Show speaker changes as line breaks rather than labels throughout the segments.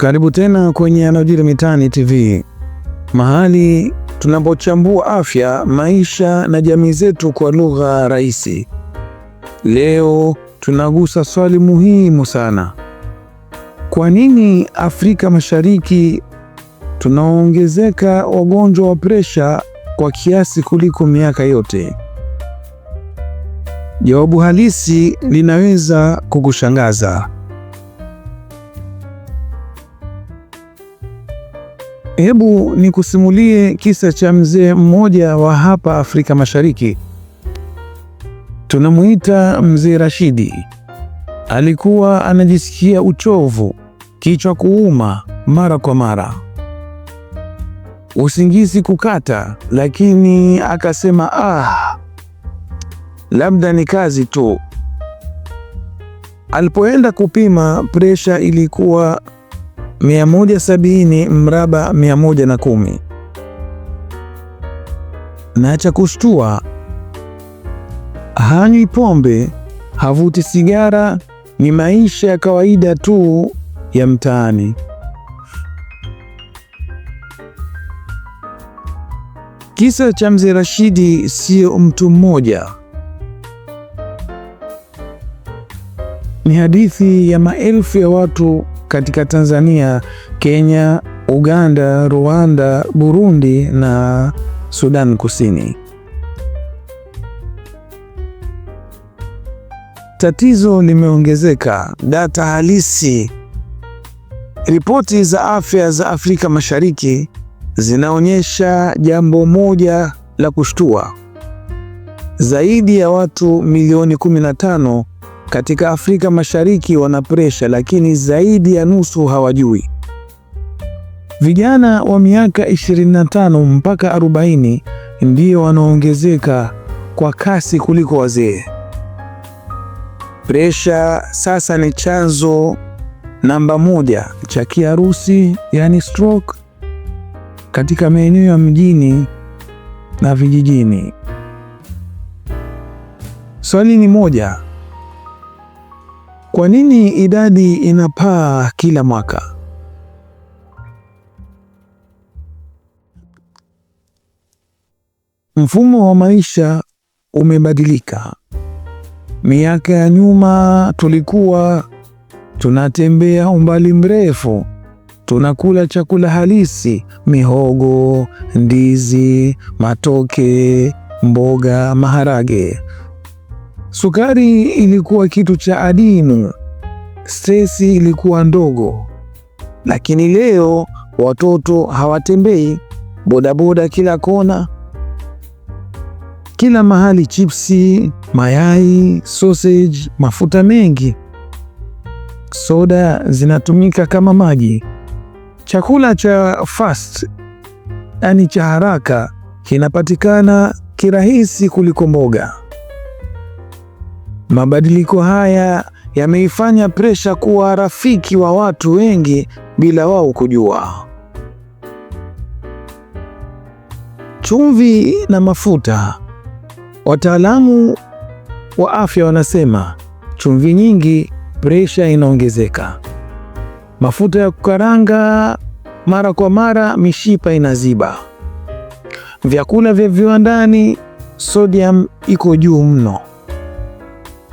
Karibu tena kwenye Yanayojiri Mitaani TV, mahali tunapochambua afya, maisha na jamii zetu kwa lugha rahisi. Leo tunagusa swali muhimu sana: kwa nini Afrika Mashariki tunaongezeka wagonjwa wa presha kwa kiasi kuliko miaka yote? Jawabu halisi linaweza kukushangaza. Hebu nikusimulie kisa cha mzee mmoja wa hapa Afrika Mashariki. Tunamuita mzee Rashidi. Alikuwa anajisikia uchovu, kichwa kuuma mara kwa mara, usingizi kukata, lakini akasema ah, labda ni kazi tu. Alipoenda kupima presha ilikuwa 170 mraba 110. Na cha kushtua, hanywi pombe, havuti sigara, ni maisha ya kawaida tu ya mtaani. Kisa cha mzee Rashidi sio mtu mmoja, ni hadithi ya maelfu ya watu katika Tanzania, Kenya, Uganda, Rwanda, Burundi na Sudan Kusini. Tatizo limeongezeka. Data halisi. Ripoti za afya za Afrika Mashariki zinaonyesha jambo moja la kushtua. Zaidi ya watu milioni 15 katika Afrika Mashariki wana presha, lakini zaidi ya nusu hawajui. Vijana wa miaka 25 mpaka 40 ndio wanaongezeka kwa kasi kuliko wazee. Presha sasa ni chanzo namba moja cha kiharusi, yani stroke, katika maeneo ya mjini na vijijini. Swali ni moja, kwa nini idadi inapaa kila mwaka? Mfumo wa maisha umebadilika. Miaka ya nyuma tulikuwa tunatembea umbali mrefu, tunakula chakula halisi, mihogo, ndizi, matoke, mboga, maharage. Sukari ilikuwa kitu cha adimu, stresi ilikuwa ndogo. Lakini leo watoto hawatembei, bodaboda kila kona, kila mahali, chipsi, mayai, sausage, mafuta mengi, soda zinatumika kama maji. Chakula cha fast, yani cha haraka, kinapatikana kirahisi kuliko mboga. Mabadiliko haya yameifanya presha kuwa rafiki wa watu wengi bila wao kujua. Chumvi na mafuta. Wataalamu wa afya wanasema chumvi nyingi, presha inaongezeka. Mafuta ya kukaranga mara kwa mara, mishipa inaziba. Vyakula vya viwandani, sodium iko juu mno.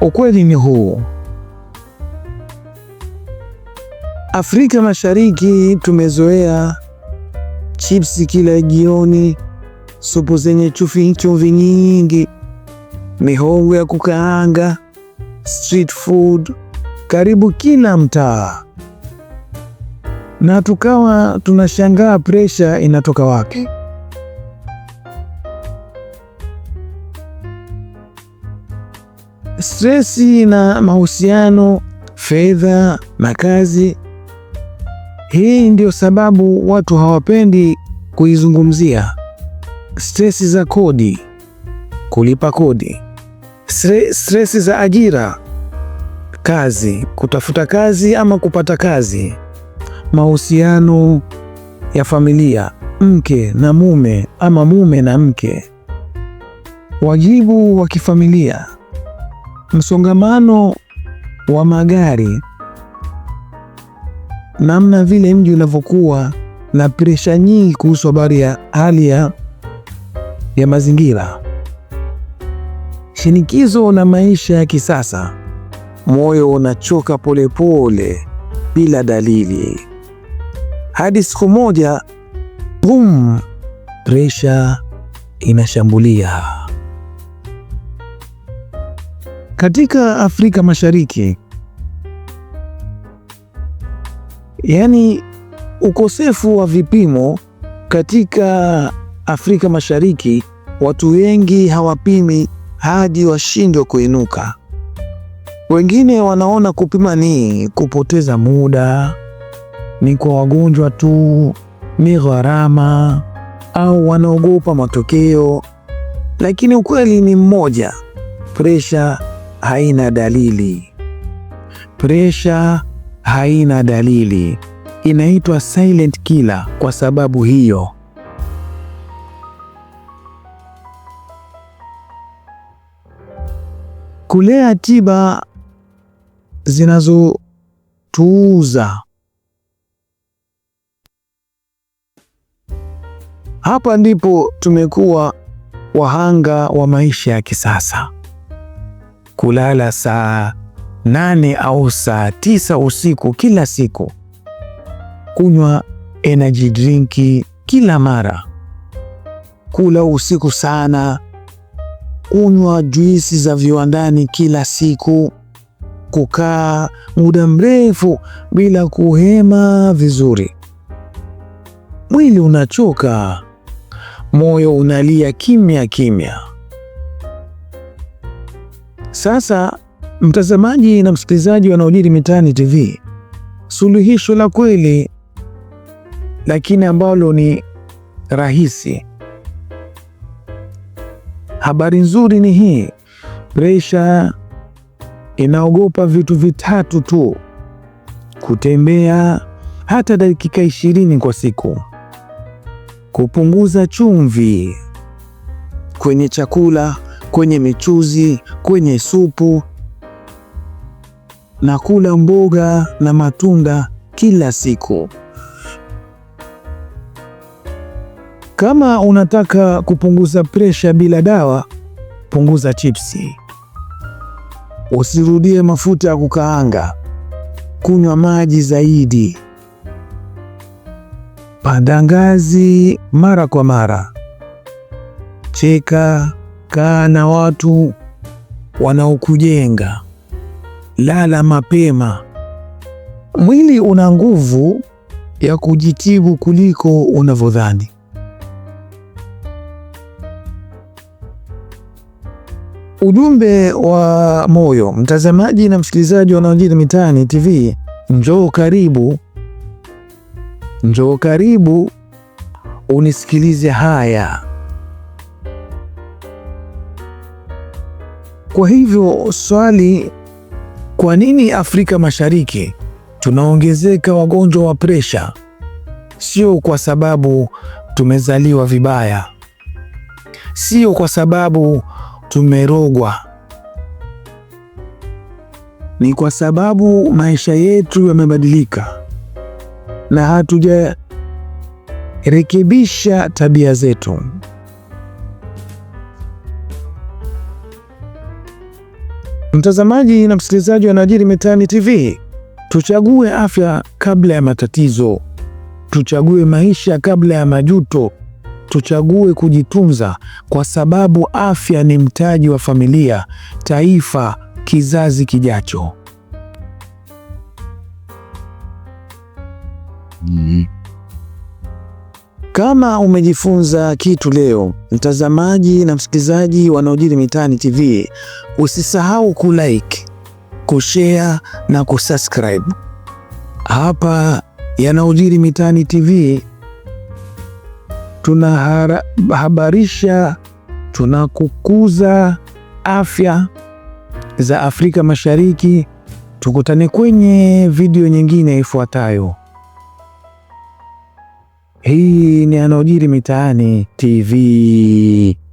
Ukweli ni huu, Afrika Mashariki tumezoea chipsi kila jioni, supu zenye chumvi chumvi nyingi, mihogo ya kukaanga, street food karibu kila mtaa, na tukawa tunashangaa presha inatoka wapi? stresi na mahusiano, fedha, makazi. Hii ndio sababu watu hawapendi kuizungumzia. Stresi za kodi, kulipa kodi, stresi za ajira, kazi, kutafuta kazi ama kupata kazi, mahusiano ya familia, mke na mume ama mume na mke, wajibu wa kifamilia msongamano wa magari, namna vile mji unavyokuwa na presha nyingi kuhusu habari ya hali ya ya mazingira, shinikizo na maisha ya kisasa, moyo unachoka polepole bila dalili, hadi siku moja, bum, presha inashambulia katika Afrika Mashariki, yaani ukosefu wa vipimo katika Afrika Mashariki, watu wengi hawapimi hadi washindwe kuinuka. Wengine wanaona kupima ni kupoteza muda, ni kwa wagonjwa tu, ni gharama, au wanaogopa matokeo. Lakini ukweli ni mmoja, presha haina dalili. Presha haina dalili, inaitwa silent killer kwa sababu hiyo. Kulea tiba zinazotuuza. Hapa ndipo tumekuwa wahanga wa maisha ya kisasa kulala saa nane au saa tisa usiku kila siku, kunywa energy drink kila mara, kula usiku sana, kunywa juisi za viwandani kila siku, kukaa muda mrefu bila kuhema vizuri. Mwili unachoka, moyo unalia kimya kimya. Sasa mtazamaji na msikilizaji wanaojiri mitaani TV, suluhisho la kweli lakini ambalo ni rahisi. Habari nzuri ni hii, presha inaogopa vitu vitatu tu: kutembea hata dakika ishirini kwa siku, kupunguza chumvi kwenye chakula kwenye michuzi, kwenye supu na kula mboga na matunda kila siku. Kama unataka kupunguza presha bila dawa, punguza chipsi. Usirudie mafuta ya kukaanga. Kunywa maji zaidi. Panda ngazi mara kwa mara. Cheka kaa na watu wanaokujenga, lala mapema. Mwili una nguvu ya kujitibu kuliko unavyodhani. Ujumbe wa moyo, mtazamaji na msikilizaji yanayojiri mitaani TV, njoo karibu, njoo karibu unisikilize haya Kwa hivyo swali, kwa nini Afrika Mashariki tunaongezeka wagonjwa wa presha? Sio kwa sababu tumezaliwa vibaya, sio kwa sababu tumerogwa, ni kwa sababu maisha yetu yamebadilika na hatujarekebisha tabia zetu. Mtazamaji na msikilizaji wa Yanayojiri Mitaani TV, tuchague afya kabla ya matatizo, tuchague maisha kabla ya majuto, tuchague kujitunza, kwa sababu afya ni mtaji wa familia, taifa, kizazi kijacho. mm -hmm. Kama umejifunza kitu leo, mtazamaji na msikilizaji yanayojiri mitaani TV, usisahau kulike, kushare na kusubscribe hapa yanayojiri mitaani TV. Tunahabarisha, tunakukuza afya za Afrika Mashariki. Tukutane kwenye video nyingine ifuatayo. Hii ni yanayojiri mitaani TV.